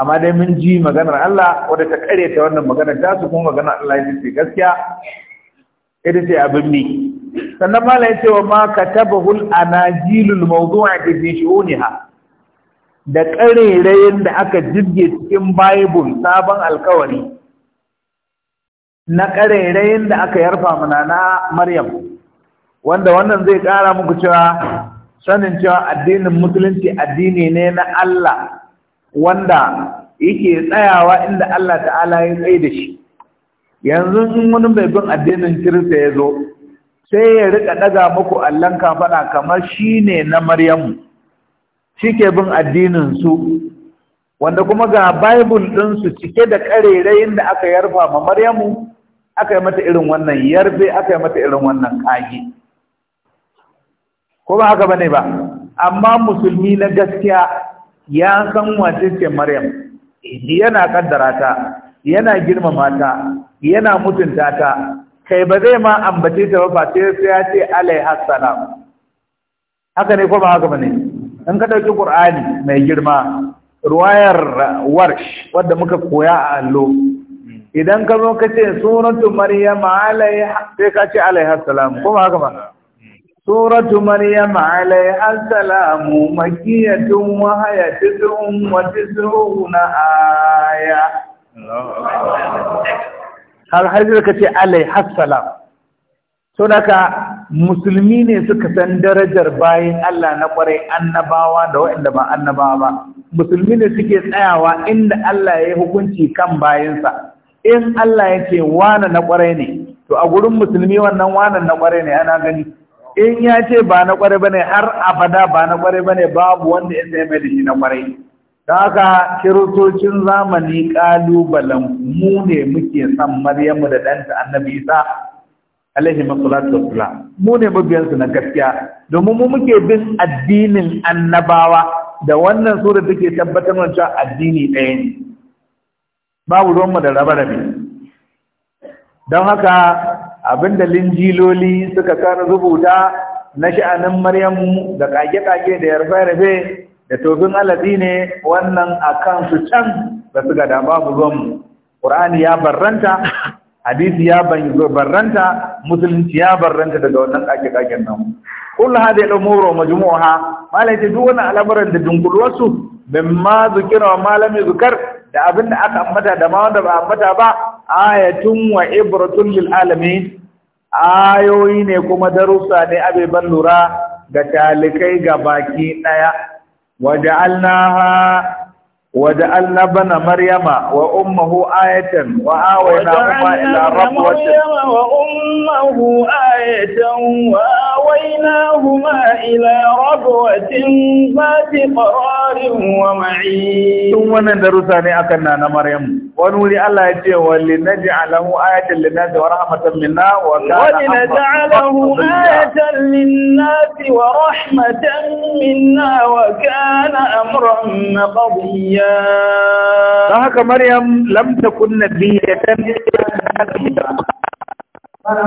B: amma dai mun ji maganar Allah wadda ta kare ta wannan maganar ta su kuma maganar Allah ya ce gaskiya ita ce abin ne sannan mala ya ce wa ma katabahul anajilul mawdu'a da fi shu'uniha da kare karerayen da aka jirge cikin bible sabon alkawari na kare karerayen da aka yarfa mana na maryam wanda wannan zai kara muku cewa sanin cewa addinin musulunci addini ne na Allah wanda yake tsayawa inda Allah ta'ala ya tsaye da shi yanzu in wani mai bin addinin kirista ya zo sai ya rika daga muku allon kafaɗa kamar shi ne na maryamu shi ke bin addinin su wanda kuma ga baibul ɗinsu cike da ƙarerayin da aka yarfa ma maryamu aka yi mata irin wannan yarfe aka yi mata irin wannan kage. ko ba haka bane ba amma musulmi na gaskiya ya san wace ce Maryam yana kaddara ta yana girmama ta yana mutunta ta kai ba zai ma ambace ta ba ba sai ya ce alaiha salam haka ne ko ba haka bane in ka dauki qur'ani mai girma ruwayar warsh wadda muka koya a allo idan ka zo ka ce tu maryam alaiha sai ka ce alaiha salam ko ba haka ba سورة مريم عليها السلام مكية وهي تسع وتسعون آية har hajjar ka ce alaihassalam so daga musulmi ne suka san darajar bayan Allah na kwarai annabawa da waɗanda ba annabawa ba musulmi ne suke tsayawa inda Allah ya yi hukunci kan bayansa in Allah ya ce wane na kwarai ne to a gurin musulmi wannan wane na kwarai ne ana gani in ya ce ba na kwarai ba ne har abada ba na kwarai ba ne babu wanda ya mai da shi na kwarai Da haka kiristocin zamani ƙalubalen mu ne muke son maryamu da ɗanta annabi isa alaihi masalatu wasala mu ne mabiyansu na gaskiya domin mu muke bin addinin annabawa da wannan sura take tabbatar da cewa addini ɗaya ne babu ruwanmu da rabe-rabe don haka Abin da linjiloli suka kara rubuta na sha'anin maryamu da kage-kage da yarfe-yarfe da tobin aladi ne wannan a kansu can da suka da babu ruwanmu ƙur'ani ya barranta hadisi ya barranta musulunci ya barranta daga wannan kage-kagen nan Kullum kullu ɗan al-umuru ma laifin duk wani al'amuran da dunkulwarsu ma zukira wa malami yuzkar da abin da aka ambata da ma wanda ba ambata ba ayatun wa ibratun lil alamin ayoyi ne kuma darussa ne ban lura ga talikai ga baki daya waja'alnaha wa ummuhu ayatan
C: wa آية ila إلى wa ummuhu ayatan wa وأويناهما إلى ربوة ذات قرار
B: ومعين ثم ندرسان أكنا مريم ونولي الله يجي ولنجعله آية للناس ورحمة منا ولنجعله آية
C: للناس ورحمة منا وكان أمرا
B: قضيا فهك مريم لم تكن نبية وما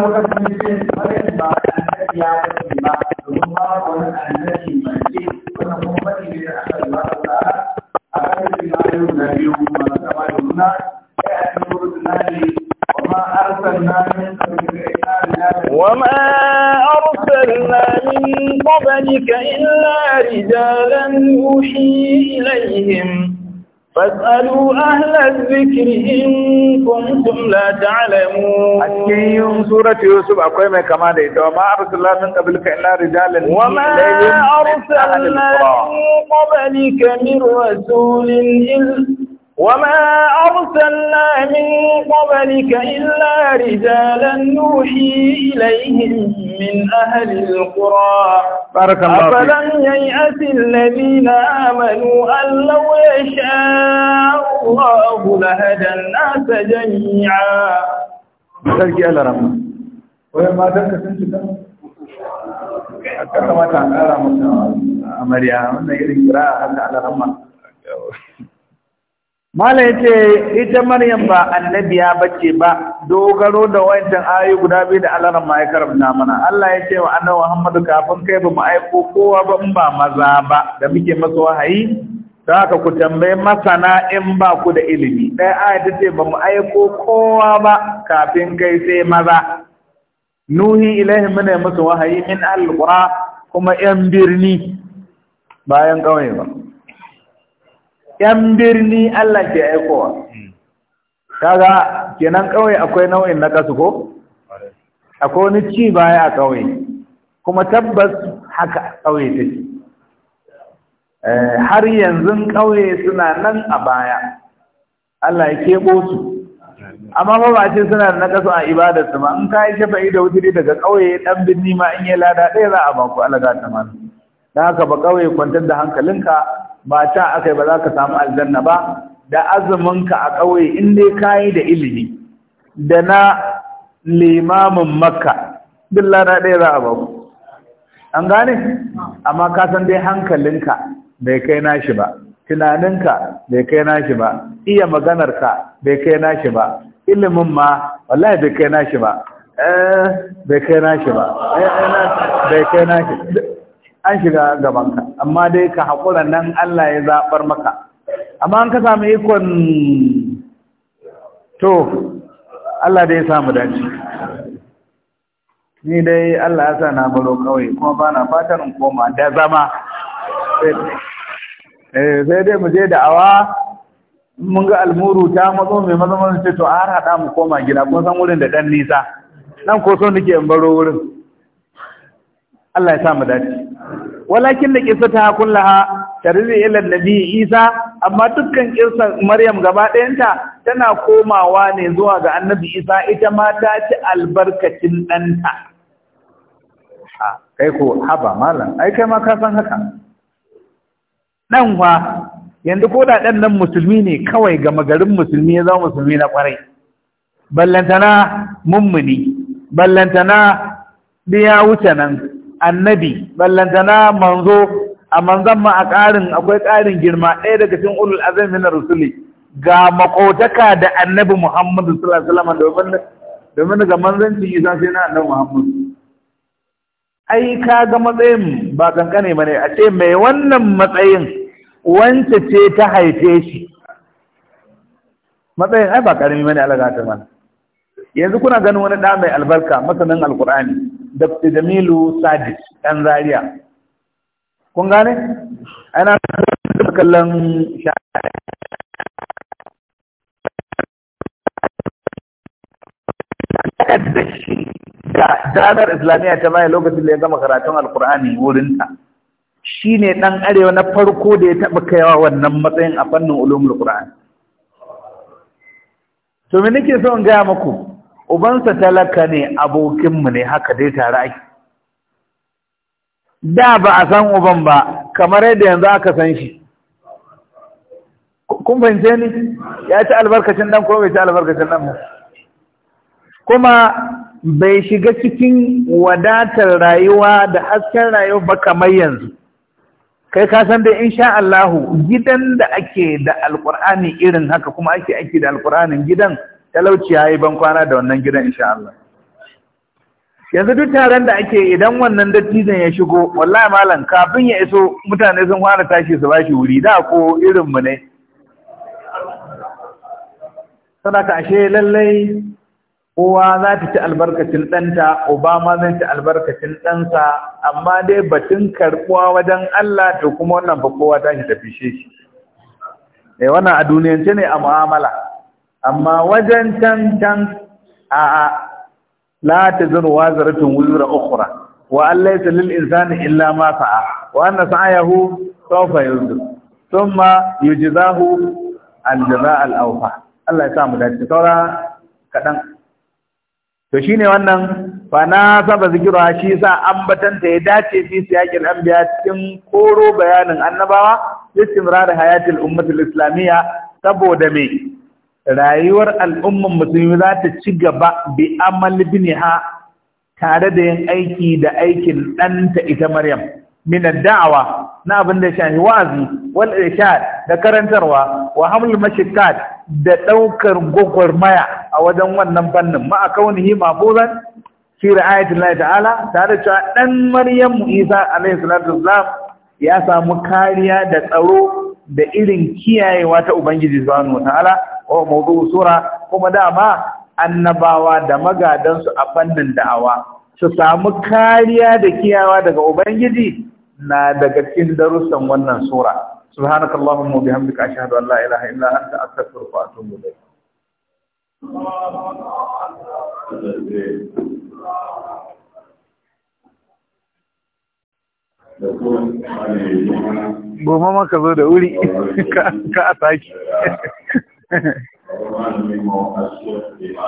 A: أرسلنا
C: من قبلك إلا رجالا يوحي إليهم فاسألوا أهل الذكر إن كنتم لا تعلمون أكين
B: سورة يوسف أقوي ما كما ديت وما أرسلنا من قبلك إلا رجالا وما أرسلنا من
C: قبلك من رسول إلا وما أرسلنا من قبلك إلا رجالا نوحي إليهم من أهل القرى بارك الله أفلم ييأس الذين آمنوا أن لو يشاء الله لهدى الناس جميعا
B: sarki Allah rahma
C: wai matan ka sun cika a kan
B: kamata Malam yace ita Maryam ba annabiya bace ba dogaro da wancan ayoyi guda biyu da Allah ma ya karanta mana Allah ya ce wa annabi Muhammadu kafin kai ba mu aiko kowa ba in ba maza ba da muke masa wahayi da haka ku tambaye masana in ba ku da ilimi ɗaya aya ta ce ba mu aiko kowa ba kafin kai sai maza nuhi ilaihi muna musu wahayi min alqura kuma yan birni bayan kawai ba 'yan birni Allah ke
C: aikowa
B: kaga kenan ƙauye akwai nau'in na kasu ko akwai wani ci baya a ƙauye kuma tabbas haka ƙauye take eh, har yanzu ƙauye suna nan a baya Allah ya keɓo su amma ba ba ce suna da nakasu a ibadarsu ma in ka yi shafa'i da wuturi daga ƙauye ɗan birni ma in yi lada ɗaya za a baku alaga ta da haka ba kawai kwantar da hankalinka ba ta akai ba za ka samu aljanna ba da azuminka a kawai in dai kayi da ilimi da na limamin makka duk ɗaya za a ba ku an gane amma ka san dai hankalinka bai kai nashi ba tunaninka bai kai nashi ba iya maganarka bai kai nashi ba ilimin ma wallahi bai kai nashi ba eh bai kai nashi ba eh bai kai nashi an shiga gabanka amma dai ka haƙura nan Allah ya zaɓar maka amma an ka samu ikon to Allah dai ya samu dace ni dai Allah ya sa na baro kawai kuma ba na fatar in koma da zama eh, sai dai mu je da'awa mun ga almuru ta matso mai mazaman ce to har haɗa mu koma gida kun san wurin da ɗan nisa nan ko so nake in baro wurin Allah ya sa mu dace walakin da qissata kullaha tarzi ila nabi Isa amma dukkan kisan Maryam gaba ɗayanta tana komawa ne zuwa ga annabi Isa ita ma ta ci albarkacin ɗanta kai ko haba malam ai kai ma ka san haka dan wa yanzu ko da dan nan musulmi ne kawai gama garin musulmi ya zama musulmi na kwarai ballantana mummuni ballantana ya wuce nan annabi ballantana manzo a manzan ma a ƙarin akwai ƙarin girma ɗaya daga cikin ulul azami min rusuli ga makotaka da annabi muhammad sallallahu alaihi wasallam domin ga manzanci isa sai na annabi muhammadu ai ka ga matsayin ba kankane ba ne a ce mai wannan matsayin wance ce ta haife shi matsayin ai ba karami bane alaga ta mana yanzu kuna ganin wani da mai albarka masanin alkur'ani Dr. Jamilu Sadis ɗan Zaria. Kun gane? Ana kallon da islamiyya ta maye lokacin da ya gama karatun alkur'ani wurinta shi ne ɗan arewa na farko da ya taɓa kaiwa wannan matsayin a fannin ulumul qur'an to me nake so in gaya muku ubansa talaka ne abokinmu ne haka dai tare ake da ba a san uban ba kamar yadda yanzu aka san shi kun fahimce ni ya ci albarkacin dan ko bai ci albarkacin dan ba kuma bai shiga cikin wadatar rayuwa da hasken rayuwa ba kamar yanzu kai ka san dai insha Allahu gidan da ake da alkur'ani irin haka kuma ake aiki da alkur'anin gidan talauci ya yi ban kwana da wannan gidan insha Allah yanzu duk taron da ake idan wannan dattijan ya shigo wallahi malam kafin ya iso mutane sun fara tashi su bashi wuri da ko irin mu ne sadaka ashe lallai kowa za ta ci albarkacin ɗanta obama zai ci albarkacin ɗansa amma dai batun karɓuwa wajen Allah to kuma wannan ba kowa ta shi tafi eh, shi wannan a duniyance ne a mu'amala amma wajen can can a'a la tazuru wazaratun wuzura ukhra wa Allah laysa lil insani illa ma sa'a wa anna sa'ayahu sawfa yuzur thumma yujzahu al jazaa al awfa Allah ya sa mu dace saura kadan to shine wannan fa na saba zikira shi sa ambatanta ya dace fi siyaqil anbiya cikin koro bayanin annabawa istimrar hayatil ummatil islamiyya saboda me rayuwar al'umman musulmi za ta ci gaba bi amal niha tare da yin aiki da aikin ɗanta ita Maryam min da'awa na abin da shahi wa'azi wal irshad da karantarwa wa hamlul mashakkat da daukar maya a wajen wannan fannin ma kaunihi mafuzan fi ra'ayatin Allah ta'ala tare da dan Maryam Isa alayhi salatu wassalam ya samu kariya da tsaro da irin kiyayewa ta Ubangiji subhanahu wa ta'ala wa mawdu'u sura kuma dama annabawa da magadansu a fannin da'awa su samu kariya da kiyawa daga ubangiji na daga cikin darussan wannan sura subhanakallahumma bihamdika ashhadu an la ilaha illa anta astaghfiruka wa atubu ilayk Goma maka zo da wuri ka
A: a saki. Ọ̀rọ̀ máa ń mímọ̀ àṣẹ ìlà.